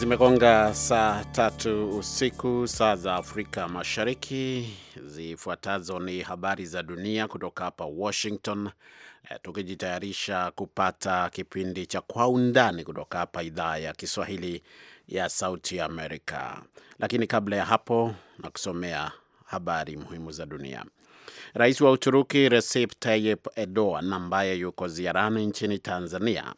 Zimegonga saa tatu usiku saa za Afrika Mashariki. Zifuatazo ni habari za dunia kutoka hapa Washington, eh, tukijitayarisha kupata kipindi cha Kwa Undani kutoka hapa idhaa ya Kiswahili ya Sauti ya Amerika. Lakini kabla ya hapo, na kusomea habari muhimu za dunia. Rais wa Uturuki Recep Tayyip Erdogan ambaye yuko ziarani nchini Tanzania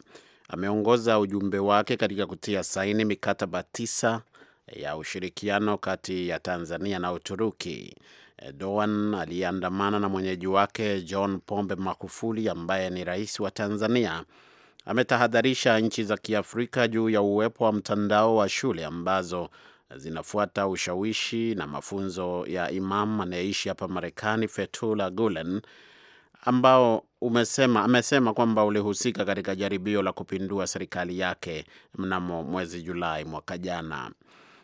ameongoza ujumbe wake katika kutia saini mikataba tisa ya ushirikiano kati ya Tanzania na Uturuki. Eh, Doan aliyeandamana na mwenyeji wake John Pombe Magufuli ambaye ni rais wa Tanzania ametahadharisha nchi za Kiafrika juu ya uwepo wa mtandao wa shule ambazo zinafuata ushawishi na mafunzo ya imam anayeishi hapa Marekani Fethullah Gulen ambao umesema amesema kwamba ulihusika katika jaribio la kupindua serikali yake mnamo mwezi Julai mwaka jana.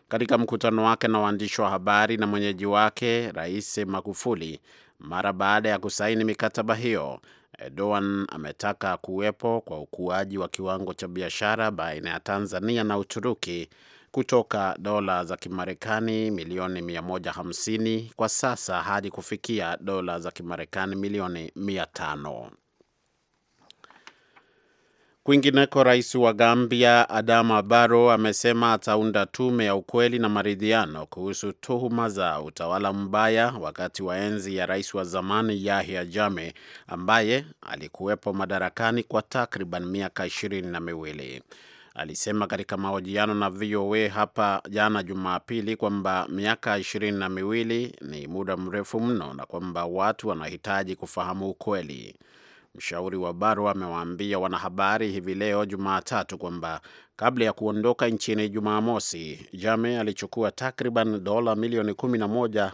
Katika mkutano wake na waandishi wa habari na mwenyeji wake Rais Magufuli mara baada ya kusaini mikataba hiyo, Erdogan ametaka kuwepo kwa ukuaji wa kiwango cha biashara baina ya Tanzania na Uturuki kutoka dola za Kimarekani milioni 150 kwa sasa hadi kufikia dola za Kimarekani milioni 500. Kwingineko, rais wa Gambia Adama Barrow amesema ataunda tume ya ukweli na maridhiano kuhusu tuhuma za utawala mbaya wakati wa enzi ya rais wa zamani Yahya Jammeh ambaye alikuwepo madarakani kwa takriban miaka ishirini na miwili alisema katika mahojiano na VOA hapa jana Jumapili kwamba miaka ishirini na miwili ni muda mrefu mno na kwamba watu wanahitaji kufahamu ukweli. Mshauri wa Barrow amewaambia wanahabari hivi leo Jumatatu kwamba kabla ya kuondoka nchini Jumamosi, Jame alichukua takriban dola milioni moja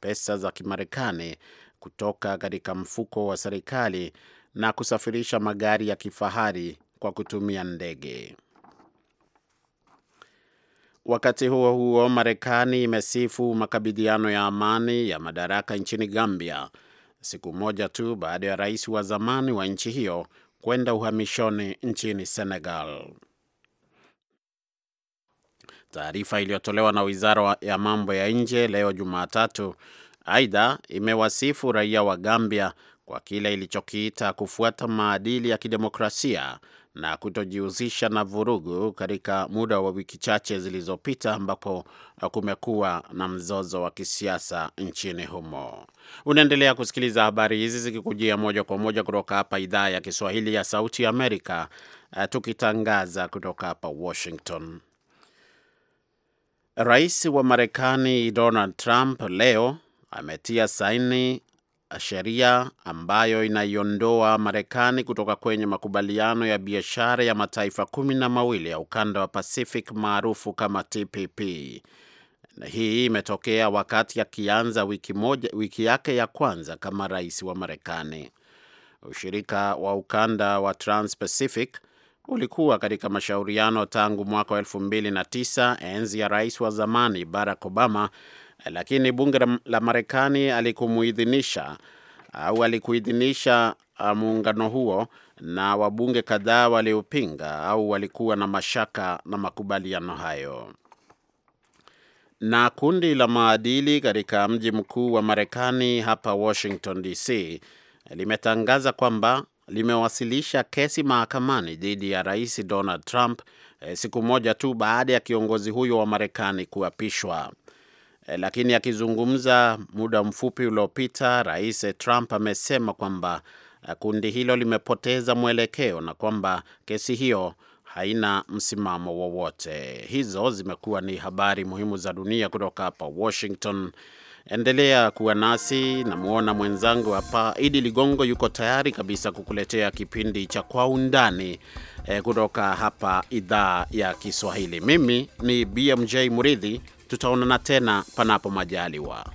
pesa za Kimarekani kutoka katika mfuko wa serikali na kusafirisha magari ya kifahari kwa kutumia ndege. Wakati huo huo, Marekani imesifu makabidhiano ya amani ya madaraka nchini Gambia siku moja tu baada ya rais wa zamani wa nchi hiyo kwenda uhamishoni nchini Senegal. Taarifa iliyotolewa na wizara ya mambo ya nje leo Jumatatu aidha imewasifu raia wa Gambia kwa kile ilichokiita kufuata maadili ya kidemokrasia na kutojihusisha na vurugu katika muda wa wiki chache zilizopita ambapo kumekuwa na mzozo wa kisiasa nchini humo. Unaendelea kusikiliza habari hizi zikikujia moja kwa moja kutoka hapa idhaa ya Kiswahili ya Sauti ya Amerika, eh, tukitangaza kutoka hapa Washington. Rais wa Marekani Donald Trump leo ametia saini sheria ambayo inaiondoa Marekani kutoka kwenye makubaliano ya biashara ya mataifa kumi na mawili ya ukanda wa Pacific maarufu kama TPP. Na hii imetokea wakati akianza wiki moja, wiki yake ya kwanza kama rais wa Marekani. Ushirika wa ukanda wa Transpacific ulikuwa katika mashauriano tangu mwaka wa 2009 enzi ya rais wa zamani Barack Obama lakini bunge la Marekani alikumuidhinisha au alikuidhinisha uh, muungano huo, na wabunge kadhaa waliopinga au walikuwa na mashaka na makubaliano hayo. Na kundi la maadili katika mji mkuu wa Marekani hapa Washington DC limetangaza kwamba limewasilisha kesi mahakamani dhidi ya Rais Donald Trump eh, siku moja tu baada ya kiongozi huyo wa Marekani kuapishwa. Eh, lakini akizungumza muda mfupi uliopita, Rais Trump amesema kwamba eh, kundi hilo limepoteza mwelekeo na kwamba kesi hiyo haina msimamo wowote. Hizo zimekuwa ni habari muhimu za dunia kutoka hapa Washington. Endelea kuwa nasi. Namwona mwenzangu hapa Idi Ligongo yuko tayari kabisa kukuletea kipindi cha Kwa Undani eh, kutoka hapa idhaa ya Kiswahili. Mimi ni BMJ Muridhi Tutaonana tena panapo majaliwa.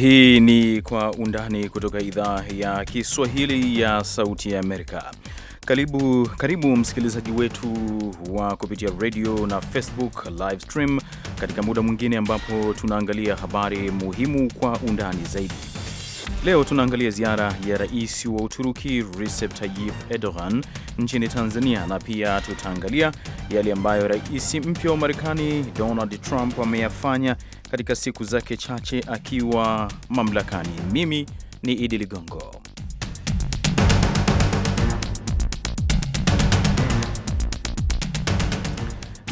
Hii ni Kwa Undani kutoka idhaa ya Kiswahili ya Sauti ya Amerika. Karibu, karibu msikilizaji wetu wa kupitia radio na Facebook live stream katika muda mwingine ambapo tunaangalia habari muhimu kwa undani zaidi. Leo tunaangalia ziara ya rais wa Uturuki Recep Tayyip Erdogan nchini Tanzania, na pia tutaangalia yale ambayo rais mpya wa Marekani Donald Trump ameyafanya katika siku zake chache akiwa mamlakani. Mimi ni Idi Ligongo.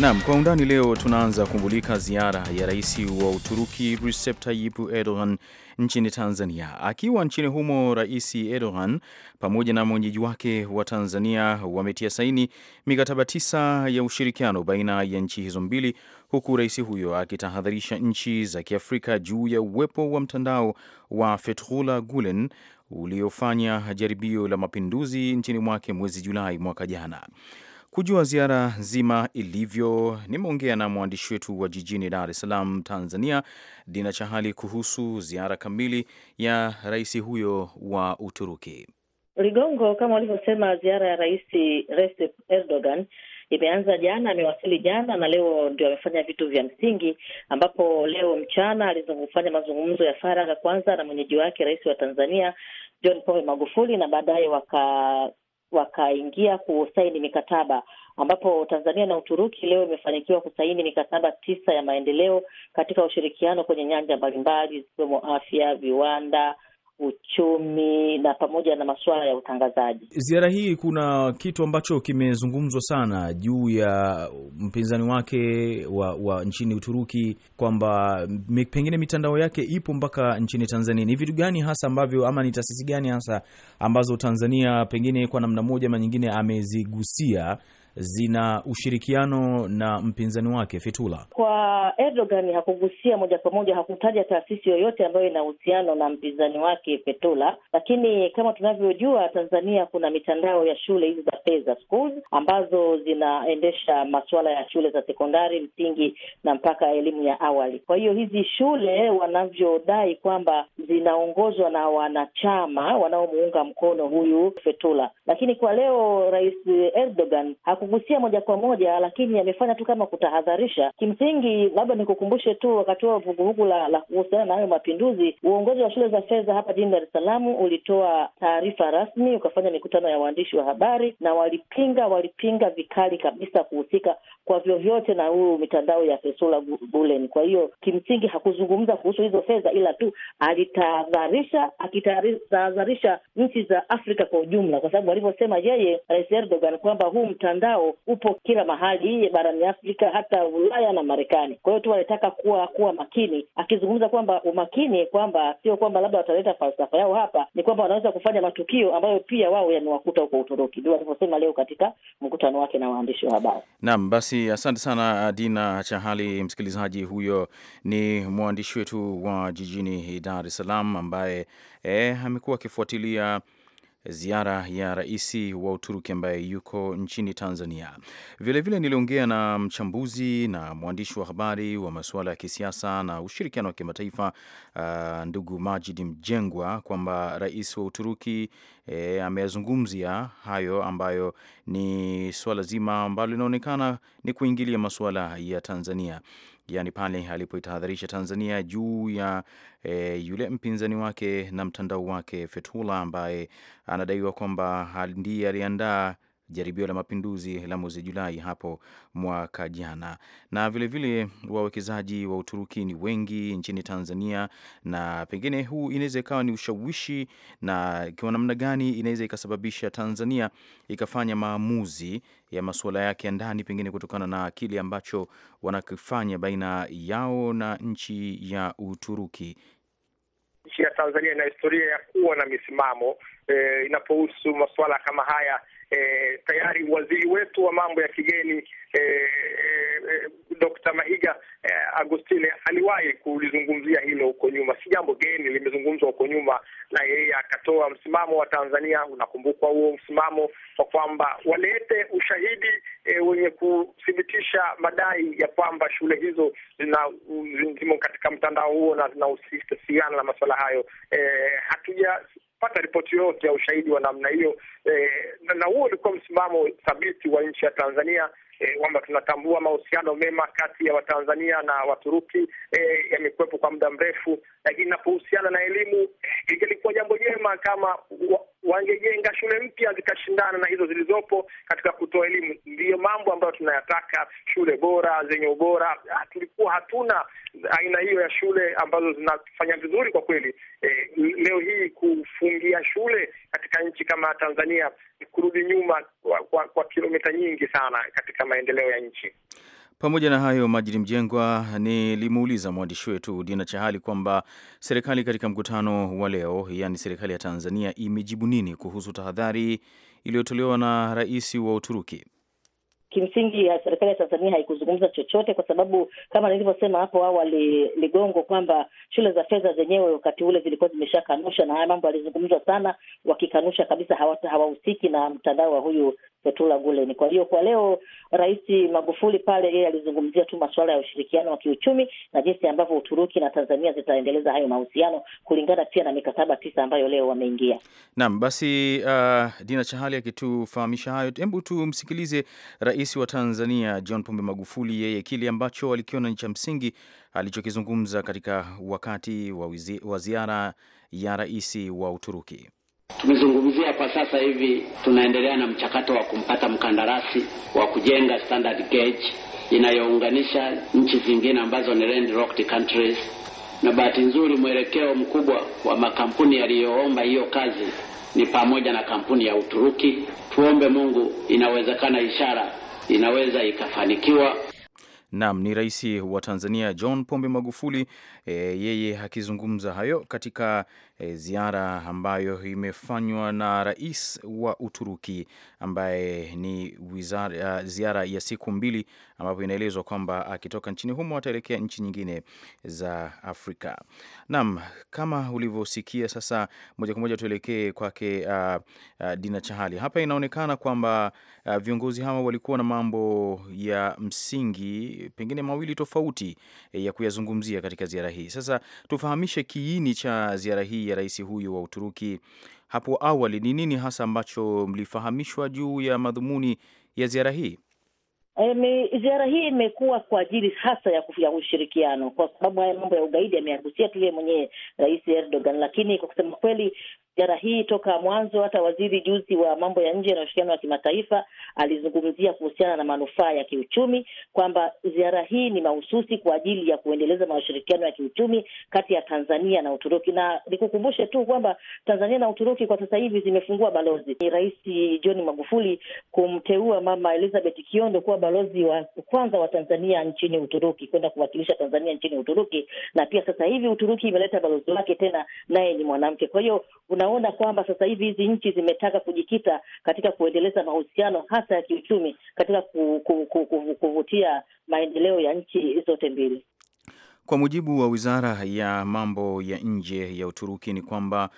Naam, kwa undani leo tunaanza kumbulika ziara ya rais wa Uturuki Recep Tayyip Erdogan nchini Tanzania. Akiwa nchini humo, Rais Erdogan pamoja na mwenyeji wake wa Tanzania wametia saini mikataba tisa ya ushirikiano baina ya nchi hizo mbili, huku rais huyo akitahadharisha nchi za Kiafrika juu ya uwepo wa mtandao wa Fethullah Gulen uliofanya jaribio la mapinduzi nchini mwake mwezi Julai mwaka jana. Kujua ziara nzima ilivyo, nimeongea na mwandishi wetu wa jijini Dar es Salaam, Tanzania, Dina Chahali kuhusu ziara kamili ya rais huyo wa Uturuki. Ligongo, kama walivyosema, ziara ya rais Recep Erdogan imeanza jana, amewasili jana na leo ndio amefanya vitu vya msingi, ambapo leo mchana alizofanya mazungumzo ya faragha kwanza na mwenyeji wake rais wa Tanzania John Pombe Magufuli, na baadaye waka wakaingia kusaini mikataba ambapo Tanzania na Uturuki leo imefanikiwa kusaini mikataba tisa ya maendeleo katika ushirikiano kwenye nyanja mbalimbali zikiwemo afya, viwanda, uchumi na pamoja na masuala ya utangazaji. Ziara hii, kuna kitu ambacho kimezungumzwa sana juu ya mpinzani wake wa, wa nchini Uturuki kwamba pengine mitandao yake ipo mpaka nchini Tanzania. Ni vitu gani hasa ambavyo ama ni taasisi gani hasa ambazo Tanzania pengine kwa namna moja ama nyingine amezigusia zina ushirikiano na mpinzani wake Fetula. Kwa Erdogan hakugusia moja kwa moja, hakutaja taasisi yoyote ambayo ina uhusiano na mpinzani wake Fetula, lakini kama tunavyojua, Tanzania kuna mitandao ya shule hizi za feza Schools ambazo zinaendesha masuala ya shule za sekondari, msingi na mpaka elimu ya awali. Kwa hiyo hizi shule wanavyodai kwamba zinaongozwa na wanachama wanaomuunga mkono huyu Fetula, lakini kwa leo Rais Erdogan haku hakugusia moja kwa moja, lakini amefanya tu kama kutahadharisha. Kimsingi, labda nikukumbushe tu, wakati wa vuguvugu la, la kuhusiana na hayo mapinduzi, uongozi wa shule za fedha hapa jijini Dar es Salaam ulitoa taarifa rasmi, ukafanya mikutano ya waandishi wa habari, na walipinga walipinga vikali kabisa kuhusika kwa vyovyote na huu mitandao ya Fesula Gulen. Kwa hiyo kimsingi hakuzungumza kuhusu hizo fedha, ila tu alitahadharisha, akitahadharisha nchi za Afrika kwa ujumla, kwa sababu alivyosema yeye, Rais Erdogan, kwamba huu mtandao yao upo kila mahali barani Afrika, hata Ulaya na Marekani. Kwa hiyo tu walitaka kuwa kuwa makini, akizungumza kwamba umakini kwamba sio kwamba labda wataleta falsafa yao hapa, ni kwamba wanaweza kufanya matukio ambayo pia wao yamewakuta huko Uturuki, ndio walivyosema leo katika mkutano wake na waandishi wa habari. Naam, basi asante sana Dina Chahali. Msikilizaji, huyo ni mwandishi wetu wa jijini Dar es Salaam ambaye eh, amekuwa akifuatilia ziara ya rais wa Uturuki ambaye yuko nchini Tanzania. Vilevile niliongea na mchambuzi na mwandishi wa habari wa masuala ya kisiasa na ushirikiano wa kimataifa uh, ndugu Majid Mjengwa kwamba rais wa Uturuki e, ameyazungumzia hayo ambayo ni suala zima ambalo linaonekana ni kuingilia masuala ya Tanzania yani pale alipoitahadharisha Tanzania juu ya e, yule mpinzani wake na mtandao wake Fethullah ambaye anadaiwa kwamba ndiye aliandaa jaribio la mapinduzi la mwezi Julai hapo mwaka jana. Na vilevile wawekezaji wa Uturuki ni wengi nchini Tanzania, na pengine huu inaweza ikawa ni ushawishi, na kwa namna gani inaweza ikasababisha Tanzania ikafanya maamuzi ya masuala yake ya ndani, pengine kutokana na kile ambacho wanakifanya baina yao na nchi ya Uturuki. Nchi ya Tanzania ina historia ya kuwa na misimamo eh, inapohusu masuala kama haya eh, tayari waziri wetu wa mambo ya kigeni eh, eh, eh Dr. Mahiga eh, Agostine aliwahi kulizungumzia hilo huko nyuma. Si jambo geni, limezungumzwa huko nyuma na yeye akatoa msimamo wa Tanzania. Unakumbukwa huo msimamo wa kwamba walete ushahidi eh, wenye kuthibitisha madai ya kwamba shule hizo zimo katika mtandao huo na zinahusiana na masuala hayo eh, hatuja pata ripoti yoyote ya ushahidi wa namna hiyo eh, msimamo thabiti wa nchi ya Tanzania e, kwamba e, tunatambua mahusiano mema kati ya Watanzania na Waturuki e, yamekuwepo kwa muda mrefu, lakini inapohusiana na elimu ingelikuwa jambo jema kama wangejenga shule mpya zikashindana na hizo zilizopo katika kutoa elimu. Ndiyo mambo ambayo tunayataka, shule bora zenye ubora. Ah, tulikuwa hatuna aina hiyo ya shule ambazo zinafanya vizuri kwa kweli. E, leo hii kufungia shule katika nchi kama Tanzania kurudi nyuma kwa, kwa, kwa kilomita nyingi sana katika maendeleo ya nchi. Pamoja na hayo majini Mjengwa, nilimuuliza mwandishi wetu Dina Chahali kwamba serikali katika mkutano wa leo, yaani serikali ya Tanzania imejibu nini kuhusu tahadhari iliyotolewa na rais wa Uturuki. Kimsingi ya serikali ya Tanzania haikuzungumza chochote, kwa sababu kama nilivyosema hapo awali, Ligongo, kwamba shule za fedha zenyewe wakati ule zilikuwa zimeshakanusha, na haya mambo yalizungumzwa sana, wakikanusha kabisa hawahusiki na mtandao wa huyu Fethullah Gulen. Kwa hiyo kwa leo Rais Magufuli pale yeye alizungumzia tu masuala ya ushirikiano wa kiuchumi na jinsi ambavyo Uturuki na Tanzania zitaendeleza hayo mahusiano kulingana pia na mikataba tisa ambayo leo wameingia. Naam, basi uh, Dina Chahali akitufahamisha hayo, hebu tumsikilize Rais wa Tanzania John Pombe Magufuli, yeye kile ambacho alikiona ni cha msingi alichokizungumza katika wakati wa, ziara ya rais wa Uturuki. Tumezungumzia kwa sasa hivi, tunaendelea na mchakato wa kumpata mkandarasi wa kujenga standard gauge inayounganisha nchi zingine ambazo ni landlocked countries, na bahati nzuri mwelekeo mkubwa wa makampuni yaliyoomba hiyo kazi ni pamoja na kampuni ya Uturuki. Tuombe Mungu, inawezekana ishara inaweza ikafanikiwa. Naam, ni rais wa Tanzania John Pombe Magufuli e, yeye akizungumza hayo katika e, ziara ambayo imefanywa na rais wa Uturuki ambaye ni wizara, eh, ziara ya siku mbili ambapo inaelezwa kwamba akitoka nchini humo ataelekea nchi nyingine za Afrika. Naam, kama ulivyosikia sasa, moja kwa moja tuelekee kwake uh, uh, Dina Chahali. Hapa inaonekana kwamba uh, viongozi hawa walikuwa na mambo ya msingi pengine mawili tofauti eh, ya kuyazungumzia katika ziara hii. Sasa tufahamishe kiini cha ziara hii ya rais huyu wa Uturuki. Hapo awali ni nini hasa ambacho mlifahamishwa juu ya madhumuni ya ziara hii? E, ziara hii imekuwa kwa ajili hasa ya kufikia ushirikiano, kwa sababu haya mambo ya ugaidi ameyagusia tu yeye mwenyewe Rais Erdogan, lakini kwa kusema kweli ziara hii toka mwanzo. Hata waziri juzi wa mambo ya nje na ushirikiano wa kimataifa alizungumzia kuhusiana na manufaa ya kiuchumi, kwamba ziara hii ni mahususi kwa ajili ya kuendeleza mashirikiano ya kiuchumi kati ya Tanzania na Uturuki. Na nikukumbushe tu kwamba Tanzania na Uturuki kwa sasa hivi zimefungua balozi. Ni Rais John Magufuli kumteua Mama Elizabeth Kiondo kuwa balozi wa kwanza wa Tanzania nchini Uturuki, kwenda kuwakilisha Tanzania nchini Uturuki. Na pia sasa hivi Uturuki imeleta balozi wake tena, naye ni mwanamke. Kwa hiyo una tunaona kwamba sasa hivi hizi nchi zimetaka kujikita katika kuendeleza mahusiano hasa ya kiuchumi katika ku, ku, ku, ku, kuvutia maendeleo ya nchi zote mbili. Kwa mujibu wa wizara ya mambo ya nje ya Uturuki ni kwamba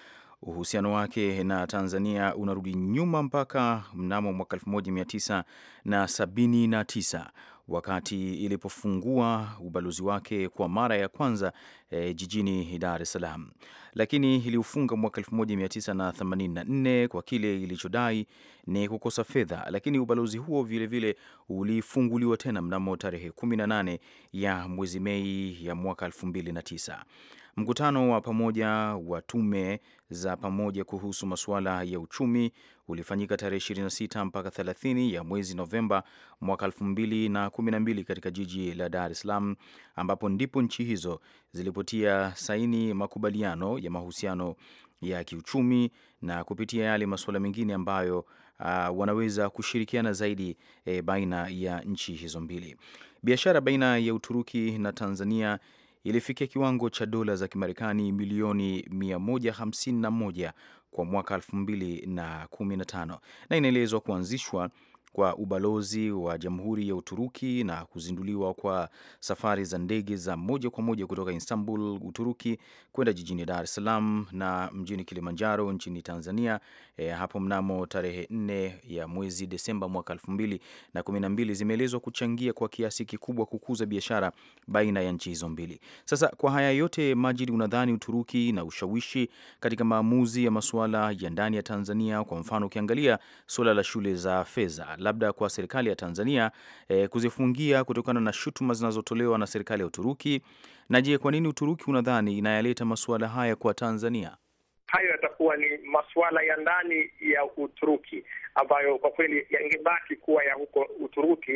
uhusiano wake na Tanzania unarudi nyuma mpaka mnamo mwaka 1979 wakati ilipofungua ubalozi wake kwa mara ya kwanza e, jijini Dar es Salaam, lakini iliufunga mwaka 1984 kwa kile ilichodai ni kukosa fedha. Lakini ubalozi huo vilevile ulifunguliwa tena mnamo tarehe 18 ya mwezi Mei ya mwaka 2009. Mkutano wa pamoja wa tume za pamoja kuhusu masuala ya uchumi ulifanyika tarehe 26 mpaka 30 ya mwezi Novemba mwaka 2012 katika jiji la Dar es Salaam, ambapo ndipo nchi hizo zilipotia saini makubaliano ya mahusiano ya kiuchumi na kupitia yale masuala mengine ambayo uh, wanaweza kushirikiana zaidi e, baina ya nchi hizo mbili. Biashara baina ya Uturuki na Tanzania ilifikia kiwango cha dola za Kimarekani milioni 151 kwa mwaka 2015 na inaelezwa kuanzishwa kwa ubalozi wa Jamhuri ya Uturuki na kuzinduliwa kwa safari za ndege za moja kwa moja kutoka Istanbul, Uturuki kwenda jijini Dar es Salaam na mjini Kilimanjaro nchini Tanzania e, hapo mnamo tarehe nne ya mwezi Desemba mwaka elfu mbili na kumi na mbili zimeelezwa kuchangia kwa kiasi kikubwa kukuza biashara baina ya nchi hizo mbili. Sasa kwa haya yote, Majid, unadhani Uturuki na ushawishi katika maamuzi ya masuala ya ndani ya Tanzania? Kwa mfano ukiangalia suala la shule za fedha labda kwa serikali ya Tanzania e, kuzifungia kutokana na shutuma zinazotolewa na serikali ya Uturuki? Na je, kwa nini Uturuki unadhani inayaleta masuala haya kwa Tanzania? Hayo yatakuwa ni masuala ya ndani ya Uturuki, ambayo kwa kweli yangebaki kuwa ya huko Uturuki,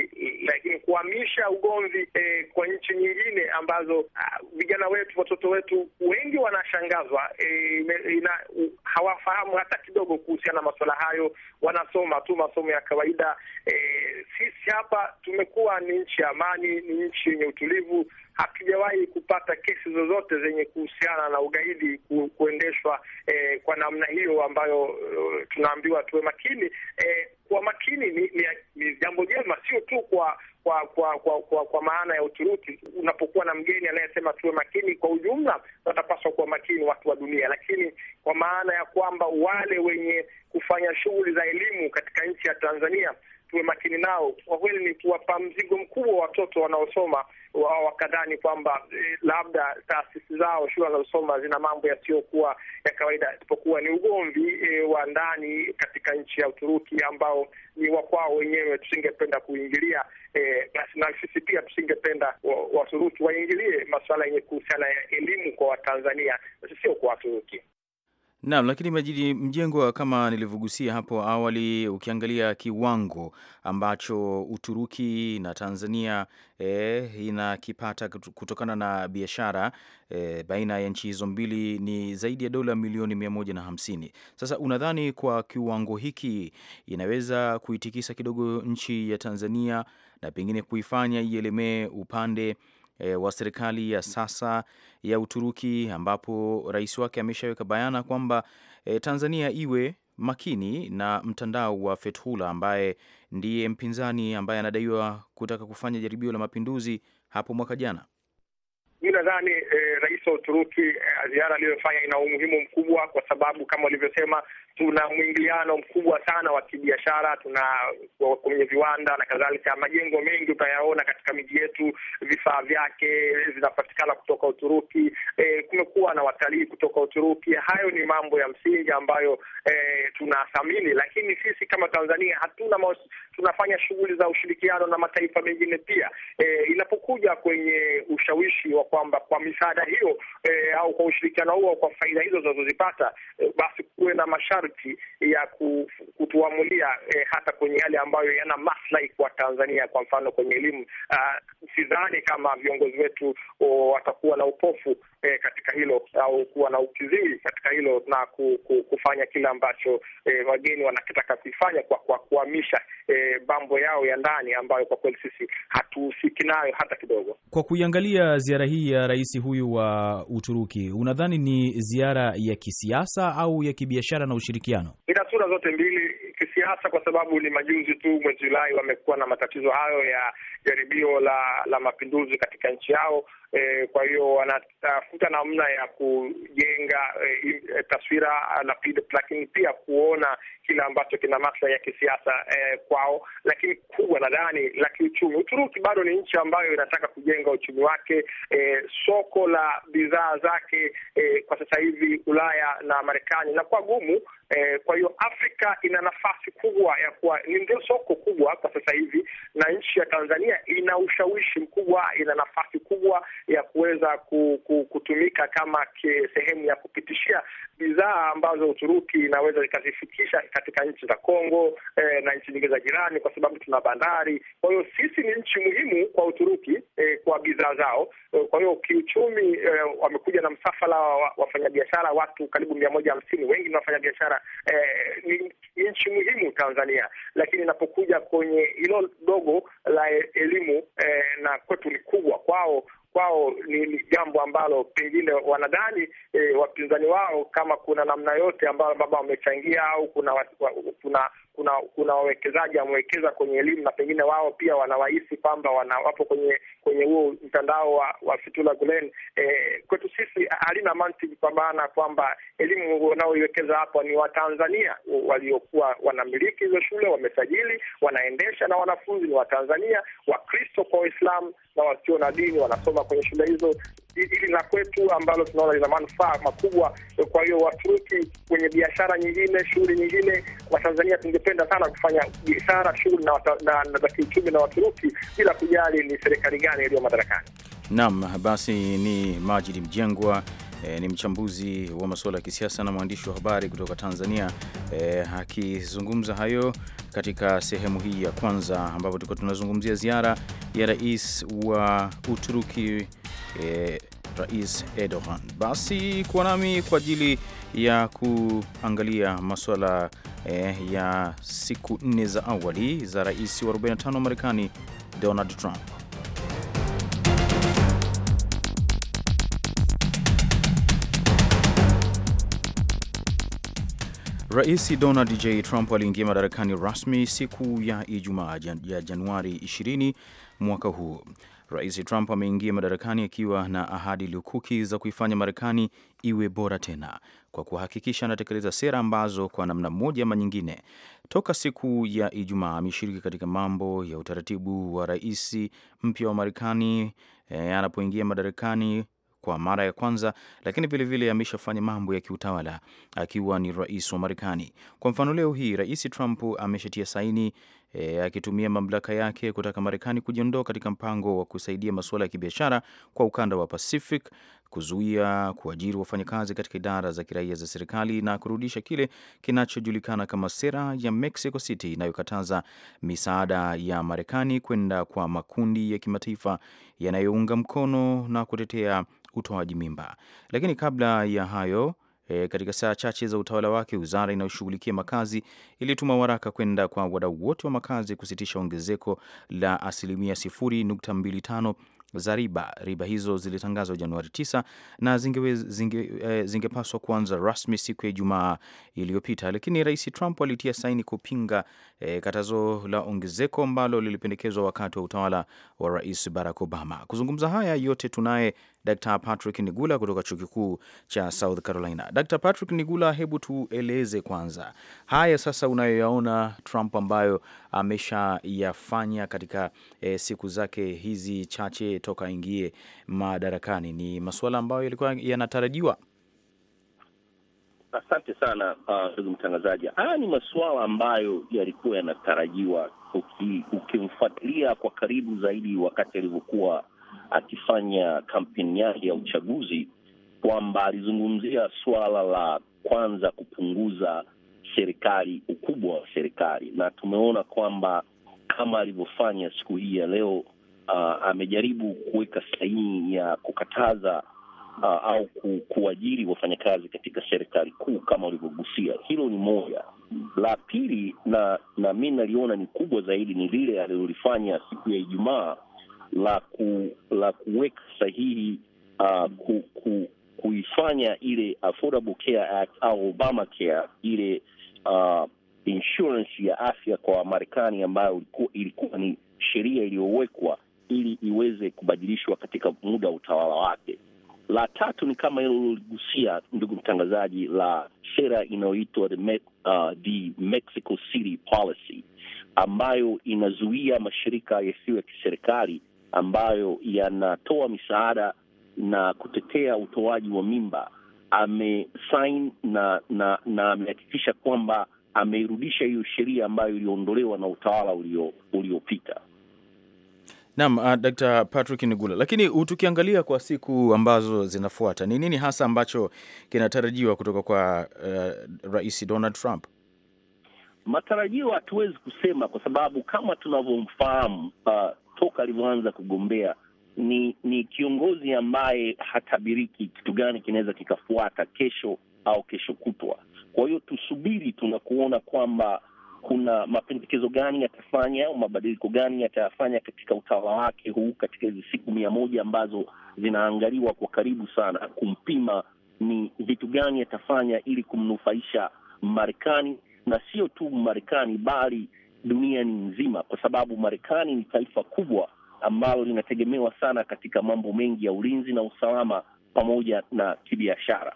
lakini kuhamisha ugomvi eh, kwa nchi nyingine ambazo ah, vijana wetu watoto wetu wengi wanashangazwa eh, ina, uh, hawafahamu hata kidogo kuhusiana na masuala hayo, wanasoma tu masomo ya kawaida eh, sisi hapa tumekuwa ni nchi ya amani, ni nchi yenye utulivu hatujawahi kupata kesi zozote zenye kuhusiana na ugaidi ku, kuendeshwa eh, kwa namna hiyo ambayo uh, tunaambiwa tuwe makini, eh, kwa makini ni, ni, ni jambo jema, sio tu kwa kwa kwa kwa, kwa, kwa maana ya Uturuki. Unapokuwa na mgeni anayesema tuwe makini, kwa ujumla watapaswa kuwa makini watu wa dunia, lakini kwa maana ya kwamba wale wenye kufanya shughuli za elimu katika nchi ya Tanzania tuwe makini nao kwa kweli, ni kuwapa mzigo mkubwa watoto wanaosoma wao wakadhani kwamba e, labda taasisi zao shule wanazosoma zina mambo yasiyokuwa ya kawaida, isipokuwa ni ugomvi e, wa ndani katika nchi ya Uturuki ambao ni wakwao wenyewe, tusingependa kuingilia e, na sisi pia tusingependa Waturuki waingilie masuala yenye kuhusiana ya elimu kwa Watanzania, sio kwa Waturuki. Naam, lakini Majidi Mjengwa, kama nilivyogusia hapo awali, ukiangalia kiwango ambacho Uturuki na Tanzania eh, inakipata kutokana na biashara eh, baina ya nchi hizo mbili ni zaidi ya dola milioni mia moja na hamsini. Sasa unadhani kwa kiwango hiki inaweza kuitikisa kidogo nchi ya Tanzania na pengine kuifanya ielemee upande e, wa serikali ya sasa ya Uturuki ambapo rais wake ameshaweka bayana kwamba e, Tanzania iwe makini na mtandao wa Fethullah ambaye ndiye mpinzani ambaye anadaiwa kutaka kufanya jaribio la mapinduzi hapo mwaka jana. Mi nadhani e, rais wa Uturuki e, ziara aliyofanya ina umuhimu mkubwa, kwa sababu kama walivyosema tuna mwingiliano mkubwa sana wa kibiashara, tuna kwenye viwanda na kadhalika. Majengo mengi utayaona katika miji yetu, vifaa vyake vinapatikana kutoka Uturuki. E, kumekuwa na watalii kutoka Uturuki. Hayo ni mambo ya msingi ambayo e, tunathamini, lakini sisi kama Tanzania hatuna maos, tunafanya shughuli za ushirikiano na mataifa mengine pia. E, inapokuja kwenye ushawishi wa kwamba kwa misaada hiyo e, au kwa ushirikiano huo kwa faida hizo zinazozipata e, basi kuwe na mashara masharti ya kutuamulia eh, hata kwenye yale ambayo yana maslahi kwa Tanzania. Kwa mfano kwenye elimu, ah, sidhani kama viongozi wetu watakuwa na upofu eh, katika hilo au kuwa na ukiziwi katika hilo na ku, ku, kufanya kile ambacho eh, wageni wanakitaka kuifanya kwa kwa kuhamisha eh, mambo yao ya ndani ambayo kwa kweli sisi hatuhusiki nayo hata kidogo. Kwa kuiangalia ziara hii ya rais huyu wa Uturuki, unadhani ni ziara ya kisiasa au ya kibiashara na ushirika ushirikiano? Ina sura zote mbili, kisiasa kwa sababu ni majuzi tu mwezi Julai wamekuwa na matatizo hayo ya jaribio la la mapinduzi katika nchi yao. E, kwa hiyo wanatafuta namna ya kujenga e, e taswira la, lakini pia kuona kile ambacho kina maslahi ya kisiasa e, kwao, lakini kubwa nadhani la kiuchumi. Uturuki bado ni nchi ambayo inataka kujenga uchumi wake. E, soko la bidhaa zake e, kwa sasa hivi Ulaya na Marekani na kwa gumu e, kwa hiyo Afrika ina nafasi kubwa ya kuwa ni ndio soko kubwa kwa sasa hivi, na nchi ya Tanzania Kenya ina ushawishi mkubwa, ina nafasi kubwa ya kuweza kutumika kama sehemu ya kupitishia bidhaa ambazo Uturuki inaweza ikazifikisha katika nchi za Kongo eh, na nchi nyingine za jirani, kwa sababu tuna bandari. Kwa hiyo sisi ni nchi muhimu kwa Uturuki eh, kwa bidhaa zao. Kwa hiyo kiuchumi, eh, wamekuja na msafara wa wafanyabiashara, watu karibu mia moja hamsini, wengi ni wafanyabiashara eh, ni nchi muhimu Tanzania, lakini inapokuja kwenye hilo dogo la eh, elimu eh, na kwetu ni kubwa kwao kwao ni, ni jambo ambalo pengine wanadhani e, wapinzani wao kama kuna namna yote ambayo baba wamechangia au kuna wa, wa, kuna kuna kuna wawekezaji wamewekeza kwenye elimu na pengine wao pia wanawahisi kwamba wanawapo kwenye kwenye huo mtandao wa, wa Fethullah Gulen. Eh, kwetu sisi halina mantiki kwa maana kwamba elimu wanaoiwekeza hapo ni Watanzania waliokuwa wanamiliki hizo shule, wamesajili, wanaendesha na wanafunzi ni Watanzania, Wakristo kwa Waislamu na wasio na dini wanasoma kwenye shule hizo ili la kwetu ambalo tunaona lina manufaa makubwa. Kwa hiyo Waturuki kwenye biashara nyingine, shughuli nyingine, Watanzania tungependa sana kufanya biashara, shughuli za kiuchumi na Waturuki bila kujali ni serikali gani iliyo madarakani. Naam, basi ni Majidi Mjengwa. E, ni mchambuzi wa masuala ya kisiasa na mwandishi wa habari kutoka Tanzania e, akizungumza hayo katika sehemu hii ya kwanza ambapo tulikuwa tunazungumzia ziara ya rais wa Uturuki eh, Rais Erdogan. Basi kuwa nami kwa ajili ya kuangalia masuala eh, ya siku nne za awali za rais wa 45 wa Marekani Donald Trump. Rais Donald J. Trump aliingia madarakani rasmi siku ya Ijumaa ya Januari 20 mwaka huu. Rais Trump ameingia madarakani akiwa na ahadi lukuki za kuifanya Marekani iwe bora tena kwa kuhakikisha anatekeleza sera ambazo kwa namna moja ama nyingine toka siku ya Ijumaa ameshiriki katika mambo ya utaratibu wa rais mpya wa Marekani e, anapoingia madarakani kwa mara ya kwanza, lakini vilevile ameshafanya mambo ya kiutawala akiwa ni rais wa Marekani. Kwa mfano, leo hii Rais Trump ameshatia saini e, akitumia mamlaka yake kutaka Marekani kujiondoa katika mpango wa kusaidia masuala ya kibiashara kwa ukanda wa Pacific, kuzuia kuajiri wafanyakazi katika idara za kiraia za serikali na kurudisha kile kinachojulikana kama sera ya Mexico City inayokataza misaada ya Marekani kwenda kwa makundi ya kimataifa yanayounga mkono na kutetea utoaji mimba. Lakini kabla ya hayo E, katika saa chache za utawala wake wizara inayoshughulikia makazi ilituma waraka kwenda kwa wadau wote wa makazi kusitisha ongezeko la asilimia 0.25 za riba. Riba hizo zilitangazwa Januari 9 na zingepaswa zinge, e, zinge kuanza rasmi siku ya Ijumaa iliyopita, lakini Rais Trump alitia saini kupinga e, katazo la ongezeko ambalo lilipendekezwa wakati wa utawala wa Rais Barack Obama. Kuzungumza haya yote tunaye Dr. Patrick Nigula kutoka chuo kikuu cha South Carolina. Dr. Patrick Nigula, hebu tueleze kwanza haya sasa unayoyaona Trump ambayo ameshayafanya katika e, siku zake hizi chache toka ingie madarakani, ni masuala ambayo yalikuwa yanatarajiwa? Asante sana uh, ndugu uh, mtangazaji. Haya ni masuala ambayo yalikuwa yanatarajiwa, ukimfuatilia kwa karibu zaidi wakati alivyokuwa akifanya kampeni yake ya uchaguzi kwamba alizungumzia suala la kwanza kupunguza serikali, ukubwa wa serikali, na tumeona kwamba kama alivyofanya siku hii ya leo uh, amejaribu kuweka saini ya kukataza uh, au ku, kuajiri wafanyakazi katika serikali kuu kama ulivyogusia. Hilo ni moja. La pili na na mi naliona ni kubwa zaidi ni lile alilolifanya siku ya Ijumaa la, ku, la kuweka sahihi uh, ku, ku, kuifanya ile Affordable Care Act au Obamacare ile uh, insurance ya afya kwa Marekani ambayo ilikuwa ni sheria iliyowekwa ili iweze kubadilishwa katika muda wa utawala wake. La tatu ni kama hilo uligusia ndugu mtangazaji, la sera inayoitwa the, uh, the Mexico City Policy ambayo inazuia mashirika yasiyo ya kiserikali ambayo yanatoa misaada na kutetea utoaji wa mimba amesain na na na amehakikisha kwamba ameirudisha hiyo sheria ambayo iliondolewa na utawala uliopita ulio Naam, uh, Dr. Patrick nigula Lakini tukiangalia kwa siku ambazo zinafuata, ni nini hasa ambacho kinatarajiwa kutoka kwa uh, Rais Donald Trump? Matarajio hatuwezi kusema kwa sababu kama tunavyomfahamu uh, toka alivyoanza kugombea ni ni kiongozi ambaye hatabiriki kitu gani kinaweza kikafuata kesho au kesho kutwa. Kwa hiyo tusubiri, tuna kuona kwamba kuna mapendekezo gani yatafanya au mabadiliko gani yatayafanya katika utawala wake huu katika hizi siku mia moja ambazo zinaangaliwa kwa karibu sana, kumpima ni vitu gani yatafanya ili kumnufaisha Marekani na sio tu Marekani bali duniani nzima, kwa sababu Marekani ni taifa kubwa ambalo linategemewa sana katika mambo mengi ya ulinzi na usalama pamoja na kibiashara.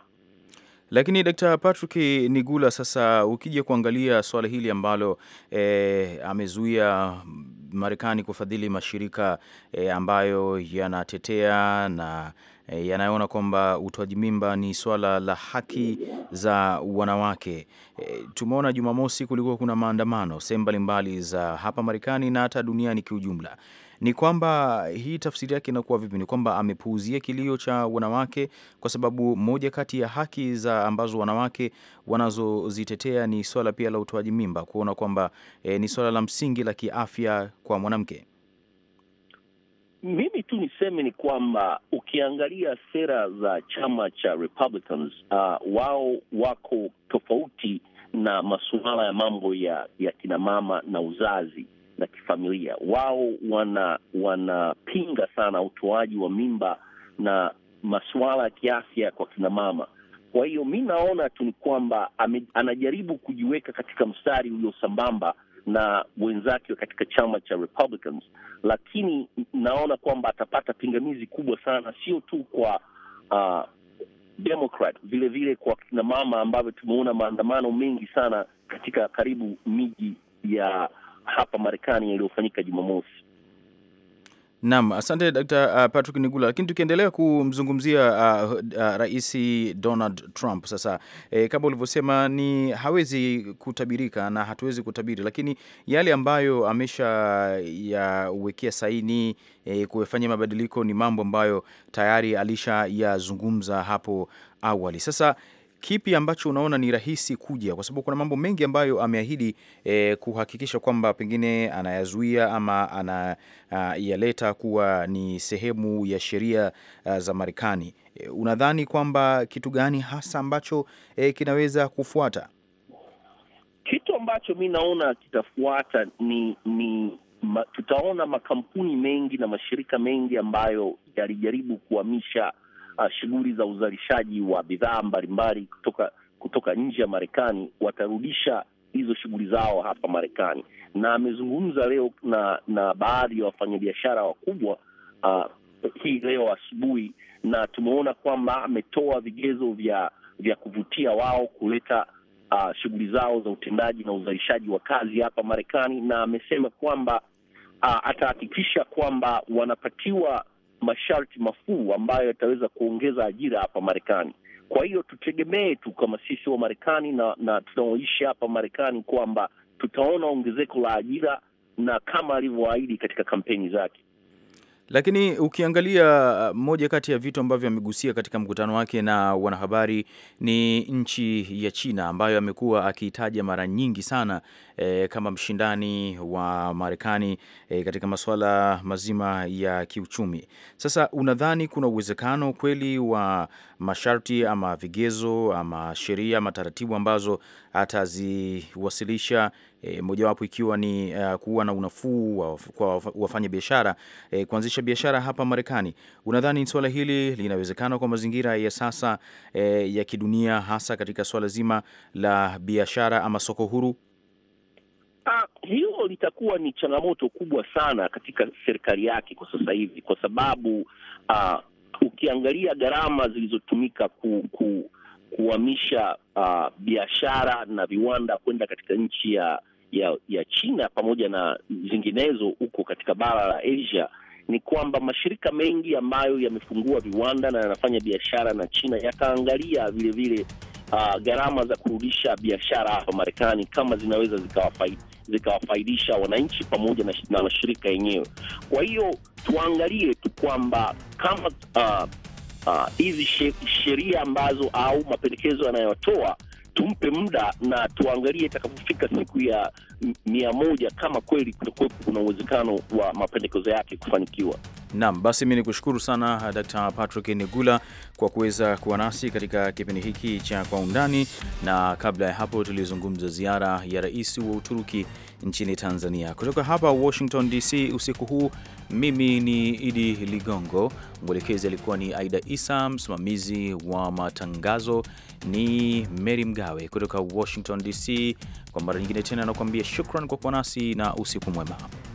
Lakini Dkt. Patrick Nigula, sasa ukija kuangalia swala hili ambalo e, amezuia Marekani kufadhili mashirika e, ambayo yanatetea na e, yanayoona kwamba utoaji mimba ni swala la haki za wanawake. E, tumeona Jumamosi kulikuwa kuna maandamano sehemu mbalimbali za hapa Marekani na hata duniani kiujumla ni kwamba hii tafsiri yake inakuwa vipi? Ni kwamba amepuuzia kilio cha wanawake, kwa sababu moja kati ya haki za ambazo wanawake wanazozitetea ni swala pia la utoaji mimba, kuona kwamba e, ni swala la msingi la kiafya kwa mwanamke. Mimi tu niseme ni kwamba ukiangalia sera za chama cha Republicans, uh, wao wako tofauti na masuala ya mambo ya, ya kinamama na uzazi na kifamilia. Wao wana wanapinga sana utoaji wa mimba na masuala ya kiafya kwa kinamama. Kwa hiyo mi naona tu ni kwamba anajaribu kujiweka katika mstari uliosambamba na wenzake katika chama cha Republicans, lakini naona kwamba atapata pingamizi kubwa sana, sio tu kwa uh, Democrat, vile vile kwa kina mama ambavyo tumeona maandamano mengi sana katika karibu miji ya hapa Marekani yaliyofanyika Jumamosi. Naam, asante Dr. Patrick Nigula. Lakini tukiendelea kumzungumzia uh, uh, Rais Donald Trump sasa, e, kama ulivyosema ni hawezi kutabirika na hatuwezi kutabiri, lakini yale ambayo amesha yawekea saini e, eh, kufanya mabadiliko ni mambo ambayo tayari alisha yazungumza hapo awali. Sasa kipi ambacho unaona ni rahisi kuja, kwa sababu kuna mambo mengi ambayo ameahidi eh, kuhakikisha kwamba pengine anayazuia ama anayaleta ah, uh, kuwa ni sehemu ya sheria uh, za Marekani. Eh, unadhani kwamba kitu gani hasa ambacho eh, kinaweza kufuata? Kitu ambacho mi naona kitafuata ni, ni ma, tutaona makampuni mengi na mashirika mengi ambayo yalijaribu kuhamisha uh, shughuli za uzalishaji wa bidhaa mbalimbali kutoka kutoka nje ya Marekani watarudisha hizo shughuli zao hapa Marekani. Na amezungumza leo na na baadhi ya wafanyabiashara wakubwa uh, hii leo asubuhi, na tumeona kwamba ametoa vigezo vya vya kuvutia wao kuleta uh, shughuli zao za utendaji na uzalishaji wa kazi hapa Marekani, na amesema kwamba uh, atahakikisha kwamba wanapatiwa masharti mafuu ambayo yataweza kuongeza ajira hapa Marekani. Kwa hiyo tutegemee tu kama sisi wa Marekani na, na tunaoishi hapa Marekani kwamba tutaona ongezeko la ajira na kama alivyoahidi katika kampeni zake. Lakini ukiangalia uh, moja kati ya vitu ambavyo amegusia katika mkutano wake na wanahabari ni nchi ya China ambayo amekuwa akiitaja mara nyingi sana e, kama mshindani wa Marekani e, katika masuala mazima ya kiuchumi. Sasa unadhani kuna uwezekano kweli wa masharti ama vigezo ama sheria ama taratibu ambazo ataziwasilisha e, mojawapo ikiwa ni uh, kuwa na unafuu wa, kwa wafanya biashara e, kuanzisha biashara hapa Marekani. Unadhani swala hili linawezekana kwa mazingira ya sasa e, ya kidunia hasa katika swala zima la biashara ama soko huru? Sasa ah, hilo litakuwa ni changamoto kubwa sana katika serikali yake kwa sasa hivi, kwa sababu uh, ukiangalia gharama zilizotumika ku, ku, kuhamisha uh, biashara na viwanda kwenda katika nchi ya ya ya China pamoja na zinginezo huko katika bara la Asia ni kwamba mashirika mengi ambayo yamefungua viwanda na yanafanya biashara na China yakaangalia vilevile uh, gharama za kurudisha biashara hapa Marekani kama zinaweza zikawafaidi zikawafaidisha wananchi pamoja na, na mashirika yenyewe. Kwa hiyo tuangalie tu kwamba kama hizi uh, uh, sheria ambazo au mapendekezo yanayotoa tumpe muda na tuangalie itakapofika siku ya mia moja kama kweli kutakuwepo kuna uwezekano wa mapendekezo yake kufanikiwa. Naam, basi mi ni kushukuru sana d Patrick Nigula kwa kuweza kuwa nasi katika kipindi hiki cha Kwa Undani, na kabla ya hapo tulizungumza ziara ya rais wa Uturuki nchini Tanzania. Kutoka hapa Washington DC usiku huu, mimi ni Idi Ligongo, mwelekezi alikuwa ni Aida Isa, msimamizi wa matangazo ni Mary Mgawe. Kutoka Washington DC, kwa mara nyingine tena nakuambia shukran kwa kuwa nasi na usiku mwema.